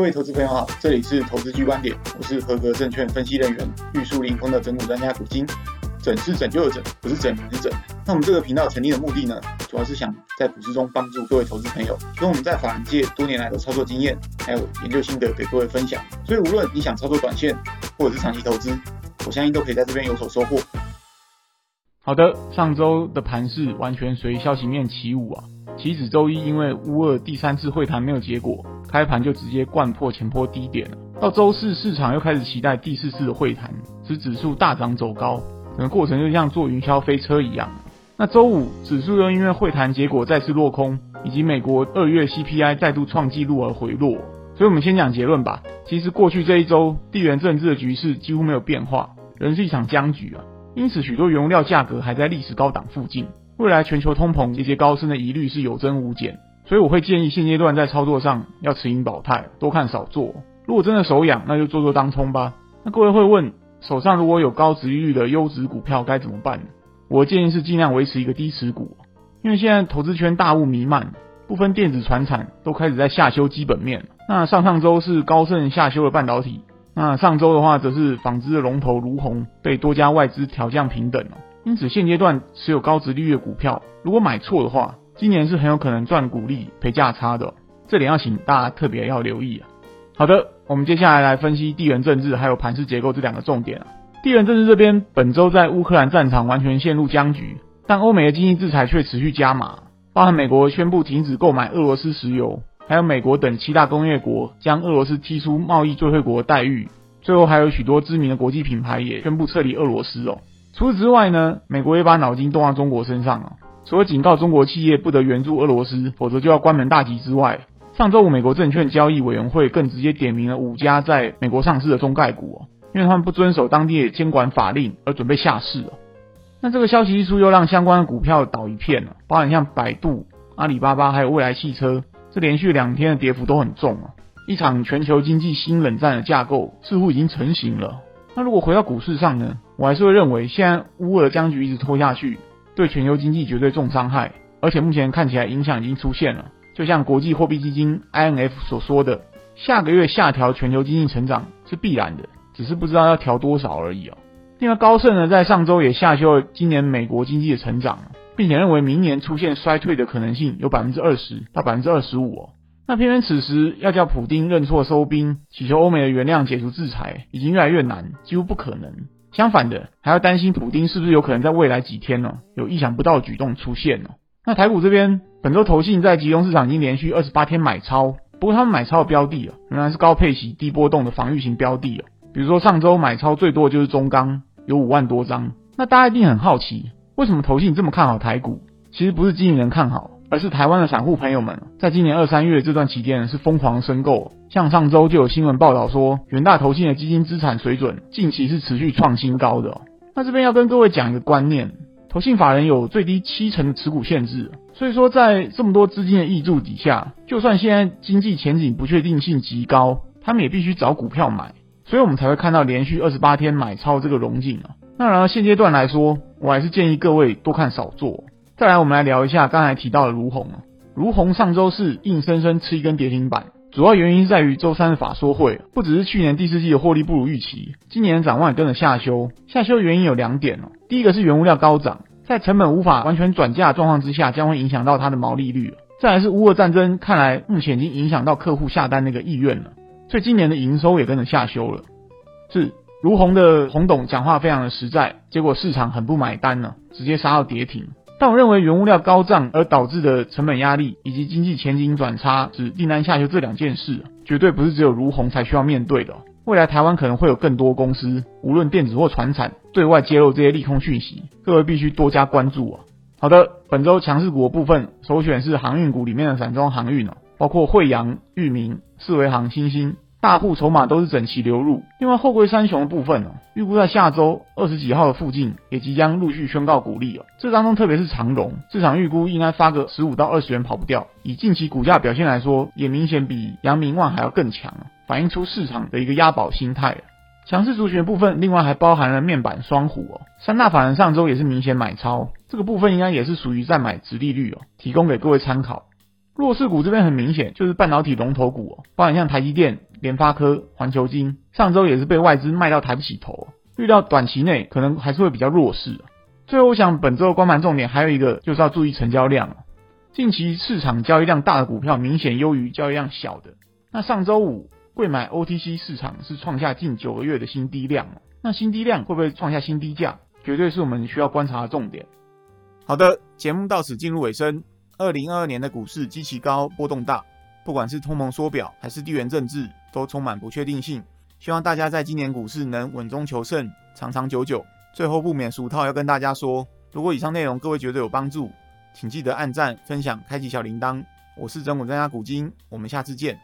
各位投資朋友好，這裡是投資 G 觀點，我是合格證券分析人員、玉樹臨風的整股專家古金。整是拯救的拯，不是整不是整。那我們這個頻道成立的目的呢，主要是想在股市中幫助各位投資朋友，用我們在法人界多年來的操作經驗，還有研究心得給各位分享。所以無論你想操作短線，或者是長期投資，我相信都可以在這邊有所收穫。好的，上週的盤勢完全隨消息面起舞啊。期指周一因為烏俄第三次會談沒有結果，開盤就直接摜破前波低點了。到周四市場又開始期待第四次的會談，使指數大漲走高，整個過程就像坐雲霄飛車一樣。那周五指數又因為會談結果再次落空，以及美國二月 CPI 再度創紀錄而回落。所以我們先講結論吧。其實過去這一周，地緣政治的局勢幾乎沒有變化，仍是一場僵局啊。因此，許多原料價格還在歷史高檔附近，未來全球通膨節節高升的疑慮是有增無減。所以，我會建議現階段在操作上要持盈保泰，多看少做。如果真的手癢，那就做做當沖吧。那各位會問，手上如果有高殖利率的優質股票該怎麼辦？我的建議是儘量維持一個低持股，因為現在投資圈大霧瀰漫，部分電子傳產都開始在下修基本面。那上上周是高盛下修了半導體。那上週的話，則是紡織的龍頭儒鴻被多家外資調降評等了、啊。因此現階段持有高殖利率的股票，如果買錯的話，今年是很有可能賺股利賠價差的、啊，這點要請大家特別要留意、啊、好的，我們接下來來分析地緣政治還有盤勢結構這兩個重點啊。地緣政治這邊，本周在烏克蘭戰場完全陷入僵局，但歐美的經濟制裁卻持續加碼，包含美國宣布停止購買俄羅斯石油。還有美國等七大工業國將俄羅斯踢出貿易最惠國的待遇，最後還有許多知名的國際品牌也宣布撤離俄羅斯哦。除此之外呢，美國也把腦筋動到中國身上哦。除了警告中國企業不得援助俄羅斯，否則就要關門大吉之外，上周五美國證券交易委員會更直接點名了五家在美國上市的中概股哦，因為他們不遵守當地監管法令而準備下市了。那這個消息一出，又讓相關的股票倒一片了，包含像百度、阿里巴巴還有蔚來汽車。這連續兩天的跌幅都很重啊！一場全球經濟新冷戰的架構似乎已經成型了。那如果回到股市上呢？我還是會認為，現在烏俄僵局一直拖下去，對全球經濟絕對重傷害。而且目前看起來影響已經出現了，就像國際貨幣基金 IMF 所說的，下個月下調全球經濟成長是必然的，只是不知道要調多少而已哦、啊。另外，高盛呢，在上周也下修了今年美國經濟的成長。並且認為明年出現衰退的可能性有百分之二十到百分之二十五。那偏偏此時要叫普丁認錯收兵，祈求歐美的原諒解除制裁，已經越來越難，幾乎不可能。相反的，還要擔心普丁是不是有可能在未來幾天呢、喔，有意想不到的舉動出現呢、喔？那台股這邊本周投信在集中市場已經連續二十八天買超，不過他們買超的標的仍、喔、然是高配息低波動的防禦型標的、喔、比如說上周買超最多的就是中鋼，有五萬多張。那大家一定很好奇，為什麼投信這麼看好台股？其實不是經理人看好，而是台灣的散戶朋友們，在今年二三月這段期間是瘋狂申購。像上周就有新聞報道說，元大投信的基金資產水準近期是持續創新高的。那這邊要跟各位講一個觀念：投信法人有最低七成的持股限制，所以說在這麼多資金的挹注底下，就算現在經濟前景不確定性極高，他們也必須找股票買。所以我們才會看到連續二十八天買超這個榮景。那然而現階段來說，我還是建議各位多看少做。再來，我們來聊一下剛才提到的儒鴻盧、啊、儒鴻上週四硬生生吃一根跌停板，主要原因是在於週三的法說會，不只是去年第四季的獲利不如預期，今年的展望也跟着下修。下修原因有兩點哦、啊，第一個是原物料高漲，在成本無法完全轉嫁狀況之下，將會影響到它的毛利率、啊。再來是烏俄戰爭，看來目前已經影響到客戶下單那個意願了，所以今年的營收也跟着下修了，是。如鴻的洪董講話非常的實在，結果市場很不買單呢、啊，直接殺到跌停。但我認為原物料高漲而導致的成本壓力，以及經濟前景轉差指訂單下修這兩件事、啊，絕對不是只有如鴻才需要面對的、啊。未來台灣可能會有更多公司，無論電子或傳產，對外揭露這些利空訊息，各位必須多加關注哦、啊、好的，本周強勢股的部分首選是航運股裡面的散裝航運呢、啊，包括慧洋裕民、四維航、新興、星。大戶籌碼都是整齊流入，另外後歸三雄的部分預、啊、估在下周二十幾號的附近也即將陸續宣告股利、啊、這當中特別是長榮，市場預估應該發個十五到二十元跑不掉。以近期股價表現來說，也明顯比陽明萬還要更強、啊，反映出市場的一個押寶心態。強勢族群的部分，另外還包含了面板雙虎哦、啊，三大法人上周也是明顯買超，這個部分應該也是屬於在買殖利率哦、啊，提供給各位參考。弱勢股這邊很明顯就是半導體龍頭股，包含像台積電、聯發科、環球晶，上周也是被外資賣到抬不起頭，預料短期內可能還是會比較弱勢。最後，我想本周的觀盤重點還有一個就是要注意成交量。近期市場交易量大的股票明顯優於交易量小的。那上周五櫃買 OTC 市場是創下近九個月的新低量哦，那新低量會不會創下新低價，絕對是我們需要觀察的重點。好的，節目到此進入尾聲。二零二二年的股市極其高，波動大，不管是通膨縮表還是地緣政治，都充滿不確定性。希望大家在今年股市能穩中求勝，長長久久。最後不免俗套，要跟大家說：如果以上內容各位覺得有幫助，請記得按讚、分享、開啟小鈴鐺。我是整股專家古今，我們下次見。